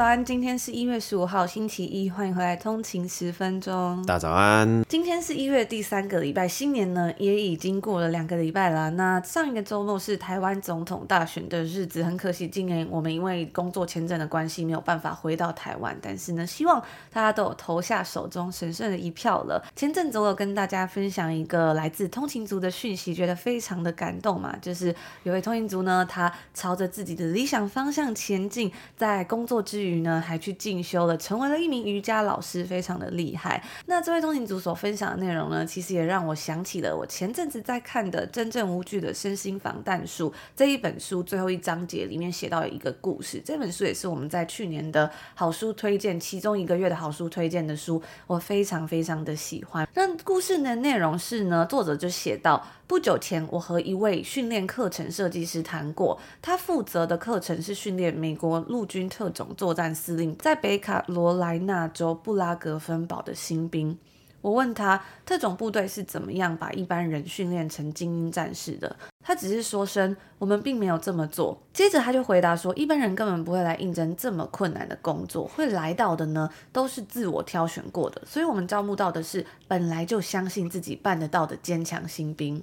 早安，今天是一月十五號，星期一，歡迎回來通勤十分鐘。大早安，今天是一月第三個禮拜，新年呢也已經過了兩個禮拜了。那上一個周末是台灣總統大選的日子，很可惜，今年我們因為工作簽證的關係沒有辦法回到台灣，但是呢，希望大家都有投下手中神聖的一票了。前陣子我有跟大家分享一個來自通勤族的訊息，覺得非常的感動嘛，就是有位通勤族呢，他朝着自己的理想方向前進，在工作之餘。呢，還去進修了，成為了一名瑜伽老師，非常的厲害。那這位通勤族所分享的內容呢，其實也讓我想起了我前陣子在看的《真正無懼的身心防彈術》這一本書最後一章節裡面寫到一個故事。這本書也是我們在去年的好書推薦其中一個月的好書推薦的書，我非常非常的喜歡。那故事的內容是呢，作者就寫到，不久前我和一位訓練課程設計師談過，他負責的課程是訓練美國陸軍特種作戰司令在北卡羅來納州布拉格分堡的新兵，我問他特種部隊是怎麼樣把一般人訓練成精英戰士的？他只是說聲我們並沒有這麼做。接着他就回答說，一般人根本不會來應徵這麼困難的工作，會來到的呢，都是自我挑選過的，所以我們招募到的是本來就相信自己辦得到的堅強新兵。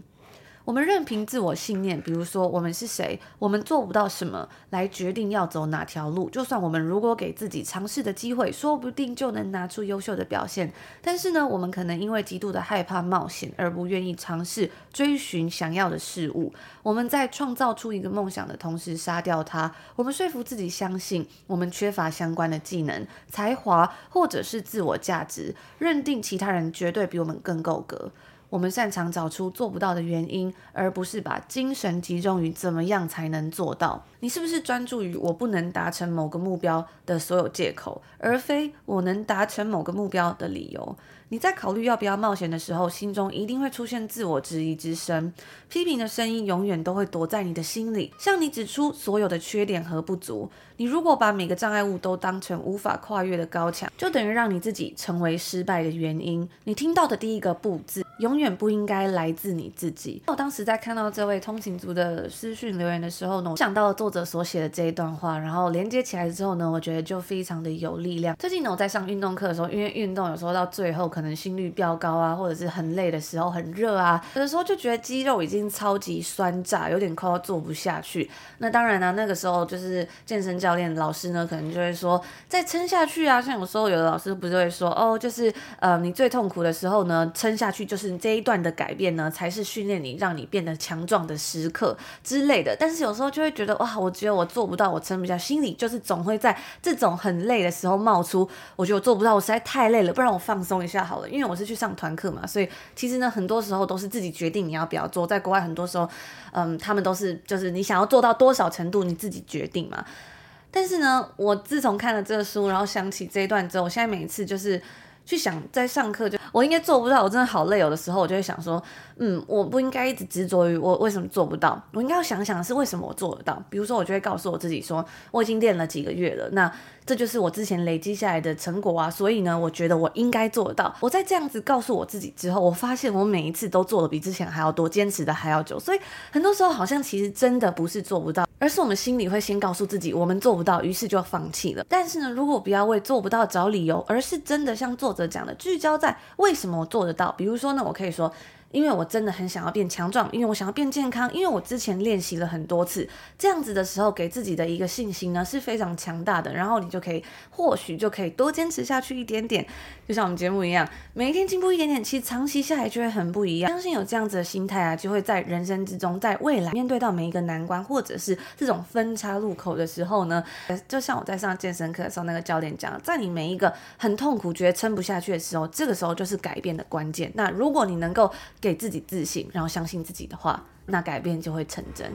我們任憑自我信念，比如說我們是誰，我們做不到什麼，來決定要走哪條路。就算我們如果給自己嘗試的機會，說不定就能拿出優秀的表現。但是呢，我們可能因為極度的害怕冒險而不願意嘗試追尋想要的事物。我們在創造出一個夢想的同時殺掉它。我們說服自己相信我們缺乏相關的技能、才華，或者是自我價值，認定其他人絕對比我們更夠格。我們擅長找出做不到的原因，而不是把精神集中於怎麼樣才能做到。你是不是專注於我不能達成某個目標的所有借口，而非我能達成某個目標的理由？你在考慮要不要冒險的時候，心中一定會出現自我質疑之聲，批評的聲音永遠都會躲在你的心裡，向你指出所有的缺點和不足。你如果把每個障礙物都當成無法跨越的高牆，就等於讓你自己成為失敗的原因。你聽到的第一個不字，永遠不應該來自你自己。我當時在看到這位通勤族的私訊留言的時候呢，我想到了作者所寫的這一段話，然後連接起來之後呢，我覺得就非常的有力量。最近呢，我在上運動課的時候，因為運動有時候到最後可能。可能心率飆高啊，或者是很累的時候，很熱啊，有的時候就覺得肌肉已經超級酸脹，有點快要做不下去。那當然呢、啊，那個時候就是健身教練老師呢，可能就會說再撐下去啊。像有時候有的老師不是會說哦，就是呃你最痛苦的時候呢，撐下去就是你這一段的改變呢，才是訓練你讓你變得強壯的時刻之類的。但是有時候就會覺得哇，我覺得我做不到，我撐不下，心裡就是總會在這種很累的時候冒出，我覺得我做不到，我實在太累了，不然我放鬆一下。好了，因為我是去上團課嘛，所以其實呢，很多時候都是自己決定你要不要做。在國外很多時候，嗯，他們都是就是你想要做到多少程度你自己決定嘛。但是呢，我自從看了這個書，然後想起這一段之後，我現在每一次就是。去想在上課，就我應該做不到，我真的好累。有的時候我就會想說，嗯，我不應該一直執着於我為什麼做不到，我應該要想想的是為什麼我做得到。比如說，我就會告訴我自己說，我已經練了幾個月了，那這就是我之前累積下來的成果啊。所以呢，我覺得我應該做得到。我在這樣子告訴我自己之後，我發現我每一次都做的比之前還要多，堅持的還要久。所以很多時候好像其實真的不是做不到。而是我們心裡會先告訴自己，我們做不到，於是就要放棄了。但是呢，如果不要為做不到找理由，而是真的像作者講的，聚焦在為什麼我做得到。比如說呢，我可以說，因為我真的很想要變強壯，因為我想要變健康，因為我之前練習了很多次這樣子的時候，給自己的一個信心呢是非常強大的。然後你就可以，或許就可以多堅持下去一點點。就像我們節目一樣，每一天進步一點點，其實長期下來就會很不一樣。相信有這樣子的心態啊，就會在人生之中，在未來面對到每一個難關，或者是這種分叉路口的時候呢，就像我在上健身課的時候，那個教練講，在你每一個很痛苦、覺得撐不下去的時候，這個時候就是改變的關鍵。那如果你能夠給自己自信，然後相信自己的話，那改變就會成真。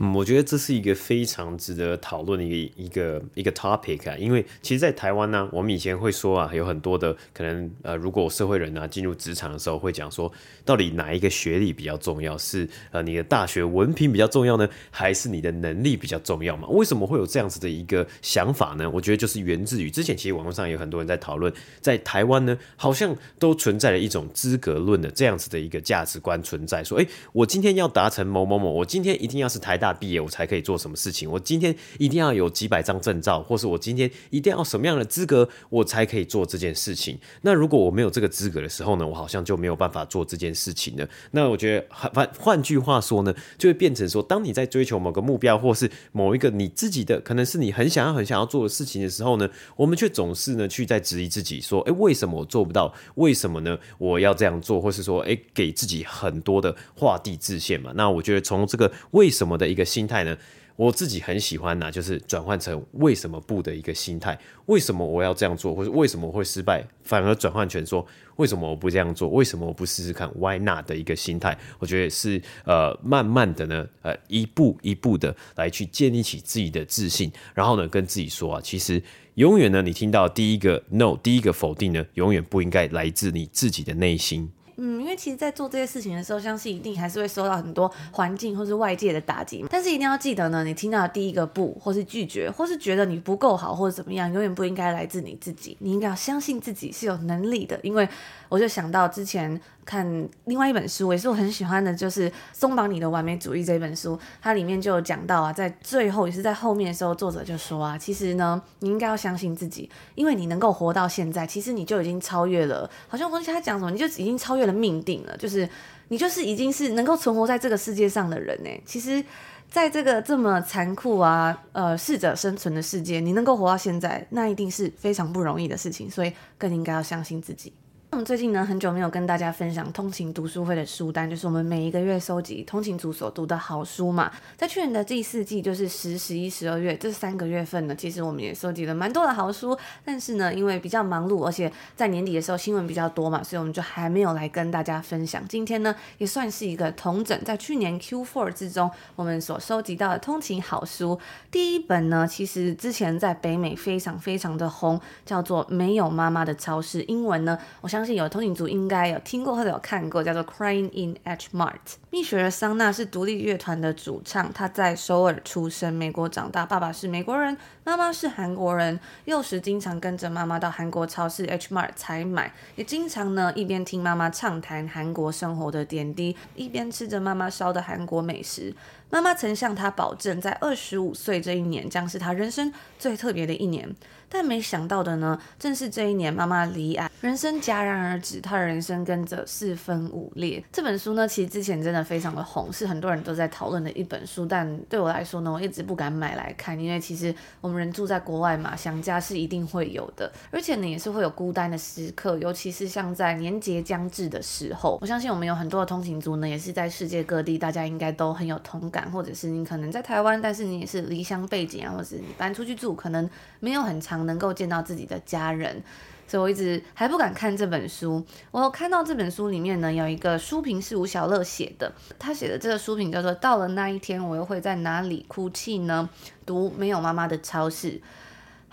嗯，我覺得這是一個非常值得討論的一個一個一個 topic 啊，因為其實，在台灣呢，我們以前會說啊，有很多的可能，呃，如果社會人呢進入職場的時候，會講說，到底哪一個學歷比較重要？是呃，你的大學文憑比較重要呢，還是你的能力比較重要嘛？為什麼會有這樣子的一個想法呢？我覺得就是源自於之前，其實網絡上有很多人在討論，在台灣呢，好像都存在了一種資格論的這樣子的一個價值觀存在，說，欸，我今天要達成。陳某某某，我今天一定要是台大畢業，我才可以做什麼事情？我今天一定要有幾百張證照，或是我今天一定要什麼樣的資格，我才可以做這件事情？那如果我沒有這個資格的時候呢？我好像就沒有辦法做這件事情了。那我覺得換換句話說呢，就會變成說，當你在追求某個目標，或是某一個你自己的，可能是你很想要、很想要做的事情的時候呢，我們卻總是呢去在質疑自己說，說，欸，為什麼我做不到？為什麼呢？我要這樣做，或是說，欸，給自己很多的畫地自限嘛？那。那我覺得從這個為什麼的一個心態呢，我自己很喜歡呢，啊，就是轉換成為什麼不的一個心態，為什麼我要這樣做，或者為什麼我會失敗，反而轉換成說為什麼我不這樣做，為什麼我不試試看，Why not 的一個心態，我覺得是呃慢慢的呢，呃一步一步的來去建立起自己的自信，然後呢跟自己說啊，其實永遠呢你聽到第一個 no，第一個否定呢，永遠不應該來自你自己的內心。嗯。因為其實，在做這些事情的時候，相信一定還是會受到很多環境或是外界的打擊。但是一定要記得呢，你聽到的第一個不，或是拒絕，或是覺得你不夠好，或者怎麼樣，永遠不應該來自你自己。你應該要相信自己是有能力的。因為我就想到之前看另外一本書，也是我很喜歡的，就是《鬆綁你的完美主義》這本書。它裡面就有講到啊，在最後也是在後面的時候，作者就說啊，其實呢，你應該要相信自己，因為你能夠活到現在，其實你就已經超越了。好像我記得他講什麼，你就已經超越了命、定，定了，就是你就是已經是能夠存活在這個世界上的人呢。其實，在這個這麼殘酷啊，呃，適者生存的世界，你能夠活到現在，那一定是非常不容易的事情，所以更應該要相信自己。那我們最近呢，很久沒有跟大家分享通勤讀書會的書單，就是我們每一個月收集通勤族所讀的好書嘛。在去年的第四季，就是十、十一、十二月這三個月份呢，其實我們也收集了蠻多的好書，但是呢，因為比較忙碌，而且在年底的時候新聞比較多嘛，所以我們就還沒有來跟大家分享。今天呢，也算是一個統整，在去年 Q4 之中，我們所收集到的通勤好書，第一本呢，其實之前在北美非常非常的紅，叫做《沒有媽媽的超市》，英文呢，我。相信有通勤族應該有聽過，或者有看過，叫做 Crying in H Mart。蜜雪兒桑娜是獨立樂團的主唱，她在首爾出生，美國長大，爸爸是美國人。媽媽是韓國人，幼時經常跟着媽媽到韓國超市 H Mart 採買，也經常呢一邊聽媽媽暢談韓國生活的點滴，一邊吃着媽媽燒的韓國美食。媽媽曾向她保證，在二十五歲這一年，將是她人生最特別的一年。但沒想到的呢，正是這一年媽媽罹癌，人生戛然而止，她的人生跟着四分五裂。這本書呢，其實之前真的非常的紅，是很多人都在討論的一本書。但對我來說呢，我一直不敢買來看，因為其實我們。人住在國外嘛，想家是一定會有的，而且呢，也是會有孤單的時刻，尤其是像在年節將至的時候，我相信我們有很多的通勤族呢，也是在世界各地，大家應該都很有同感，或者是你可能在台灣，但是你也是離鄉背景啊，或者是你搬出去住，可能沒有很常能夠見到自己的家人。所以我一直還不敢看這本書。我看到這本書裡面呢，有一個書評是吳曉樂寫的，他寫的這個書評叫做《到了那一天，我又會在哪裡哭泣呢？讀沒有媽媽的超市》。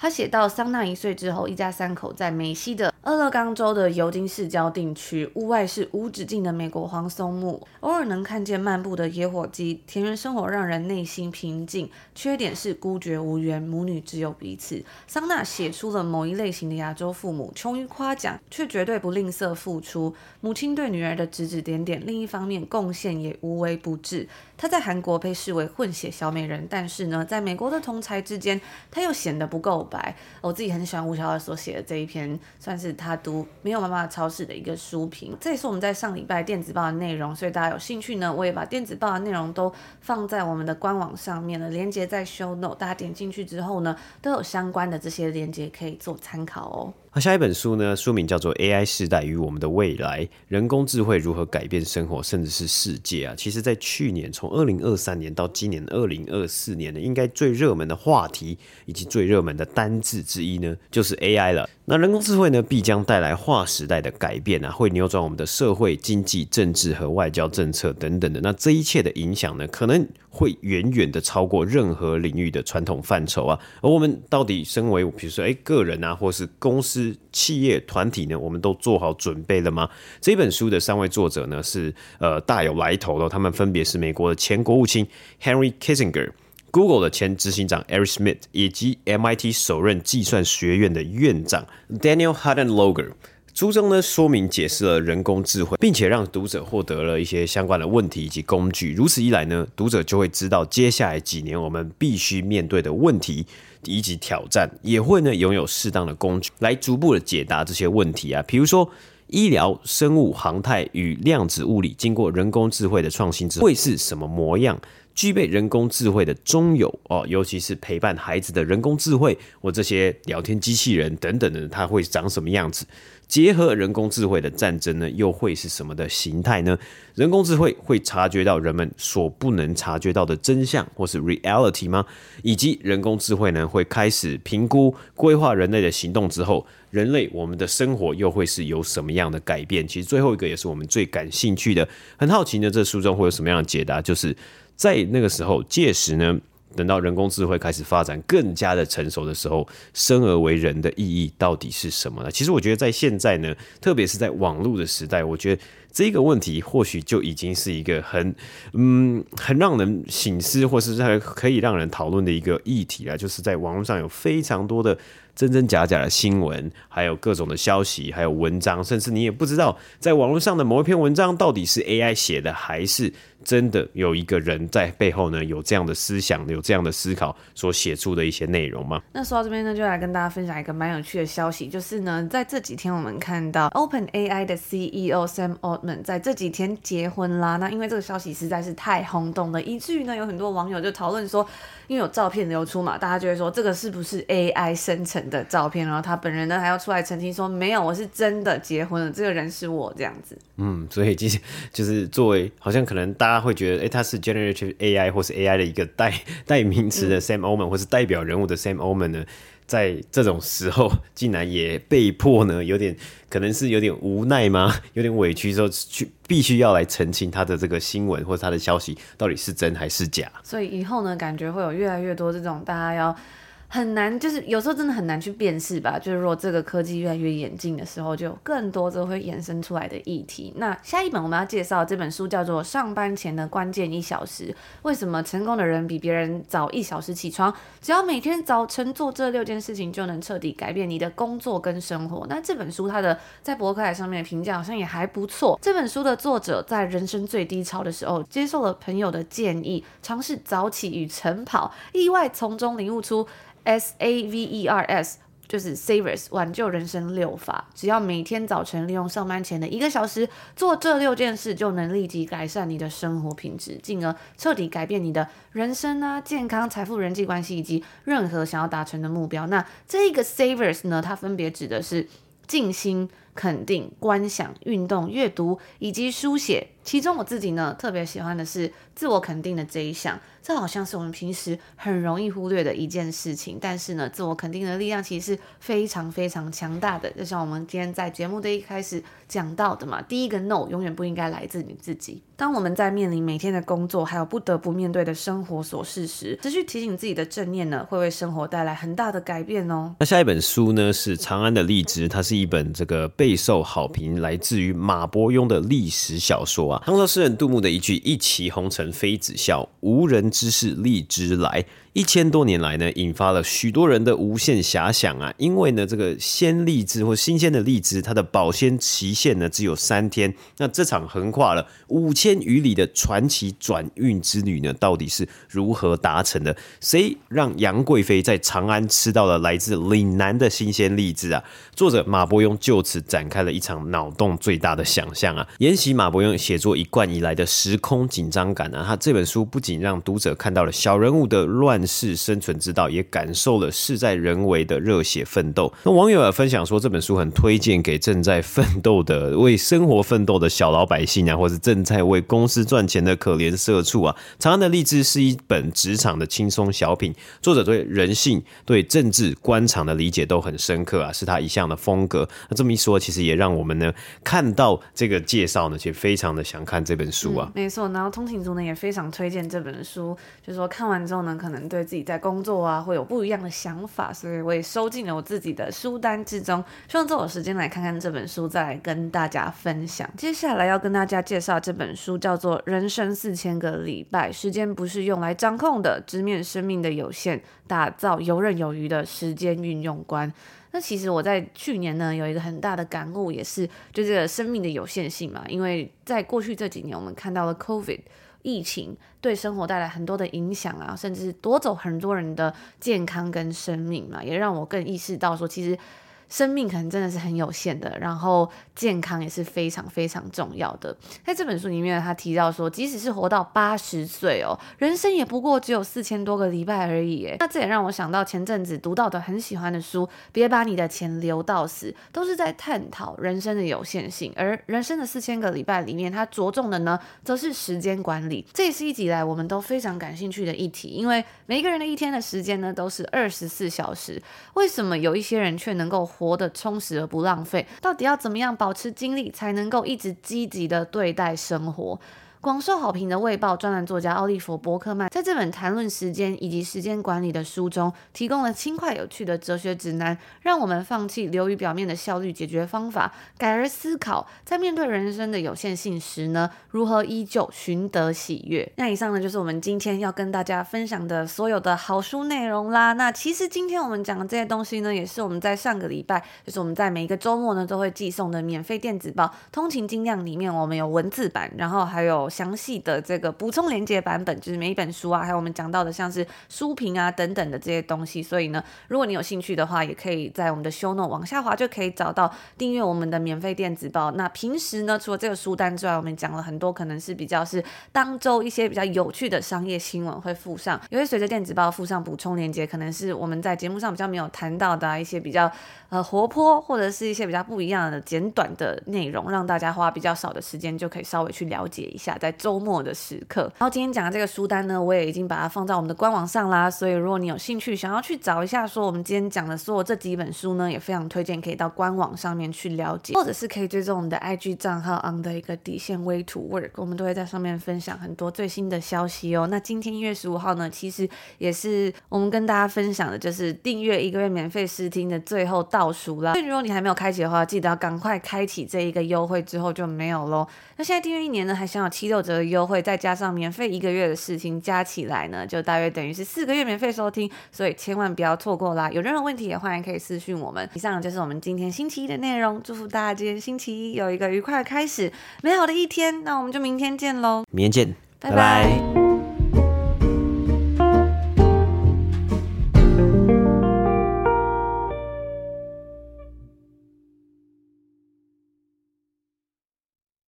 他寫到，桑娜一歲之後，一家三口在美西的俄勒岡州的尤金市郊定居，屋外是無止境的美國黃松木，偶爾能看見漫步的野火雞。田園生活讓人內心平靜，缺點是孤絕無援，母女只有彼此。桑娜寫出了某一類型的亞洲父母，窮於誇獎，卻絕對不吝嗇付出。母親對女兒的指指點點，另一方面貢獻也無微不至。她在韓國被視為混血小美人，但是呢，在美國的同儕之間，她又顯得不夠。我自己很喜歡吳小華所寫的這一篇，算是他讀《沒有媽媽的超市》的一個書評。這也是我們在上禮拜電子報的內容，所以大家有興趣呢，我也把電子報的內容都放在我們的官網上面了，鏈接在 show note，大家點進去之後呢，都有相關的這些鏈接可以做參考哦。那、啊、下一本書呢，書名叫做《AI 時代與我們的未來》，人工智慧如何改變生活，甚至是世界啊！其實，在去年從二零二三年到今年二零二四年呢，應該最熱門的話題以及最熱門的單字之一呢，就是 AI 了。那人工智慧呢，必將帶來劃時代的改變啊，會扭轉我們的社會、經濟、政治和外交政策等等的。那這一切的影響呢，可能會遠遠的超過任何領域的傳統範疇啊。而我們到底身為，比如說，誒、哎，個人啊，或是公司、企業、團體呢，我們都做好準備了嗎？這本書的三位作者呢，是呃大有來頭的。他們分別是美國的前國務卿 Henry Kissinger。Google 的前執行長 Eric Schmidt 以及 MIT 首任計算學院的院長 Daniel Huttenlocher，書中呢說明解釋了人工智慧，並且讓讀者獲得了一些相關的問題以及工具。如此一來呢，讀者就會知道接下來幾年我們必須面對的問題以及挑戰，也會呢擁有適當的工具來逐步的解答這些問題啊。比如說，醫療、生物、航太與量子物理，經過人工智慧的創新之後，會是什麼模樣？具備人工智慧的中友哦，尤其是陪伴孩子的人工智慧，或這些聊天機器人等等的，它會長什麼樣子？結合人工智慧的戰爭呢，又會是什麼的形態呢？人工智慧會察覺到人們所不能察覺到的真相，或是 reality 嗎？以及人工智慧呢，會開始評估、規劃人類的行動之後，人類我們的生活又會是有什麼樣的改變？其實最後一個也是我們最感興趣的，很好奇呢，這書中會有什麼樣的解答？就是。在那個時候，屆時呢，等到人工智慧開始發展更加的成熟的時候，生而為人的意義到底是什麼呢？其實，我覺得在現在呢，特別是在網絡的時代，我覺得這個問題或許就已經是一個很嗯很讓人省思，或者是還可以讓人討論的一個議題啊，就是在網絡上有非常多的。真真假假的新聞，還有各種的消息，還有文章，甚至你也不知道，在網絡上的某一篇文章到底是 AI 寫的，還是真的有一個人在背後呢有這樣的思想、有這樣的思考所寫出的一些內容嗎？那說到這邊呢，就來跟大家分享一個蠻有趣的消息，就是呢，在這幾天我們看到 OpenAI 的 CEO Sam Altman 在這幾天結婚啦。那因為這個消息實在是太轟動了，以至於呢有很多網友就討論說，因為有照片流出嘛，大家就會說這個是不是 AI 生成？的照片，然後他本人呢還要出來澄清說沒有，我是真的結婚了，這個人是我這樣子。嗯，所以就是就是作為好像可能大家會覺得，哎，他是 generative AI 或是 AI 的一個代代名詞的 Sam Altman、嗯、或是代表人物的 Sam Altman 呢，在這種時候，竟然也被迫呢有點可能是有點無奈嗎？有點委屈之後去必須要來澄清他的這個新聞或者他的消息到底是真還是假？所以以後呢，感覺會有越來越多這種大家要。很難，就是有時候真的很難去辨識吧。就是如果這個科技越來越演進的時候，就更多都會衍生出來的議題。那下一本我們要介紹這本書叫做《上班前的關鍵一小時》。為什麼成功的人比別人早一小時起床？只要每天早晨做這六件事情，就能徹底改變你的工作跟生活。那這本書它的在博客來上面的評價好像也還不錯。這本書的作者在人生最低潮的時候，接受了朋友的建議，嘗試早起與晨跑，意外從中領悟出。S, S A V E R S 就是 Savers 挽救人生六法，只要每天早晨利用上班前的一個小時做這六件事，就能立即改善你的生活品質，進而徹底改變你的人生啊，健康、財富、人際關係以及任何想要達成的目標。那這個 Savers 呢，它分別指的是靜心。肯定、觀想、運動、閱讀以及書寫，其中我自己呢特別喜歡的是自我肯定的這一項。這好像是我們平時很容易忽略的一件事情，但是呢，自我肯定的力量其實是非常非常強大的。就像我們今天在節目的一開始講到的嘛，第一個 “no” 永遠不應該來自你自己。當我們在面臨每天的工作，還有不得不面對的生活瑣事時，持續提醒自己的正念呢，會為生活帶來很大的改變哦。那下一本書呢是《長安的荔枝》，它是一本這個。備受好評，來自於馬伯庸的歷史小說啊。唐朝詩人杜牧的一句“一騎紅塵妃子笑，無人知是荔枝來”，一千多年來呢，引發了許多人的無限遐想啊。因為呢，這個鮮荔枝或新鮮的荔枝，它的保鮮期限呢只有三天。那這場橫跨了五千餘里的傳奇轉運之旅呢，到底是如何達成的？誰讓楊貴妃在長安吃到了來自嶺南的新鮮荔枝啊？作者馬伯庸就此。展開了一場腦洞最大的想象啊！沿襲馬伯庸寫作一貫以來的時空緊張感啊，他這本書不僅讓讀者看到了小人物的亂世生存之道，也感受了事在人為的熱血奮鬥。那網友也分享說，這本書很推薦給正在奮鬥的、為生活奮鬥的小老百姓啊，或是正在為公司賺錢的可憐社畜啊。長安的荔枝是一本職場的輕鬆小品，作者對人性、對政治、官場的理解都很深刻啊，是他一向的風格。那這麼一說。其實也讓我們呢看到這個介紹呢，其實非常的想看這本書啊，嗯、沒錯。然後通勤族呢也非常推薦這本書，就是說看完之後呢，可能對自己在工作啊會有不一樣的想法，所以我也收進了我自己的書單之中。希望有時間來看看這本書，再來跟大家分享。接下來要跟大家介紹這本書，叫做《人生四千個禮拜：時間不是用來掌控的，直面生命的有限，打造游刃有餘的時間運用觀》。那其實我在去年呢，有一個很大的感悟，也是就是這個生命的有限性嘛。因為在過去這幾年，我們看到了 COVID 疫情對生活帶來很多的影響啊，甚至奪走很多人的健康跟生命嘛，也讓我更意識到說，其實。生命可能真的是很有限的，然後健康也是非常非常重要的。在這本書裡面，他提到說，即使是活到八十歲哦，人生也不過只有四千多個禮拜而已。哎，那這也讓我想到前陣子讀到的很喜歡的書《別把你的錢留到死》，都是在探討人生的有限性。而人生的四千個禮拜裡面，他着重的呢，則是時間管理。這也是一直以來我們都非常感興趣的議題，因為每一個人的一天的時間呢，都是二十四小時。為什麼有一些人卻能夠？活得充實而不浪費，到底要怎麼樣保持精力，才能夠一直積極的對待生活？廣受好評的《衛報》專欄作家奧利弗·伯克曼在這本談論時間以及時間管理的書中，提供了輕快有趣的哲學指南，讓我們放棄流於表面的效率解決方法，改而思考在面對人生的有限性時呢，如何依舊尋得喜悅。那以上呢，就是我們今天要跟大家分享的所有的好書內容啦。那其實今天我們講的這些東西呢，也是我們在上個禮拜，就是我們在每一個周末呢，都會寄送的免費電子報《通勤精釀》裡面，我們有文字版，然後還有。詳細的這個補充連接版本，就是每一本書啊，還有我們講到的像是書評啊等等的這些東西。所以呢，如果你有興趣的話，也可以在我們的 show note 往下滑，就可以找到訂閱我們的免費電子報。那平時呢，除了這個書單之外，我們講了很多可能是比較是當周一些比較有趣的商業新聞會附上，因為隨着電子報附上補充連接，可能是我們在節目上比較沒有談到的、啊、一些比較呃活潑或者是一些比較不一樣的簡短的內容，讓大家花比較少的時間就可以稍微去了解一下，在周末的時刻，然後今天講的這個書單呢，我也已經把它放在我們的官網上啦。所以如果你有興趣，想要去找一下說，說我們今天講的所有這幾本書呢，也非常推薦可以到官網上面去了解，或者是可以追蹤我們的 IG 賬號 on the 一個底線 way to work，我們都會在上面分享很多最新的消息哦、喔。那今天一月十五號呢，其實也是我們跟大家分享的就是訂閱一個月免費試聽的最後倒數了。所以如果你還沒有開啟的話，記得要趕快開啟這一個優惠，之後就沒有嘍。那現在訂閱一年呢，還享有七六折優惠，再加上免費一個月的試聽加起來呢，就大約等於是四個月免費收聽，所以千萬不要錯過啦！有任何問題也歡迎可以私訊我們。以上就是我們今天星期一的內容，祝福大家今天星期一有一個愉快的開始，美好的一天。那我們就明天見嘍，明天見，bye bye 拜拜。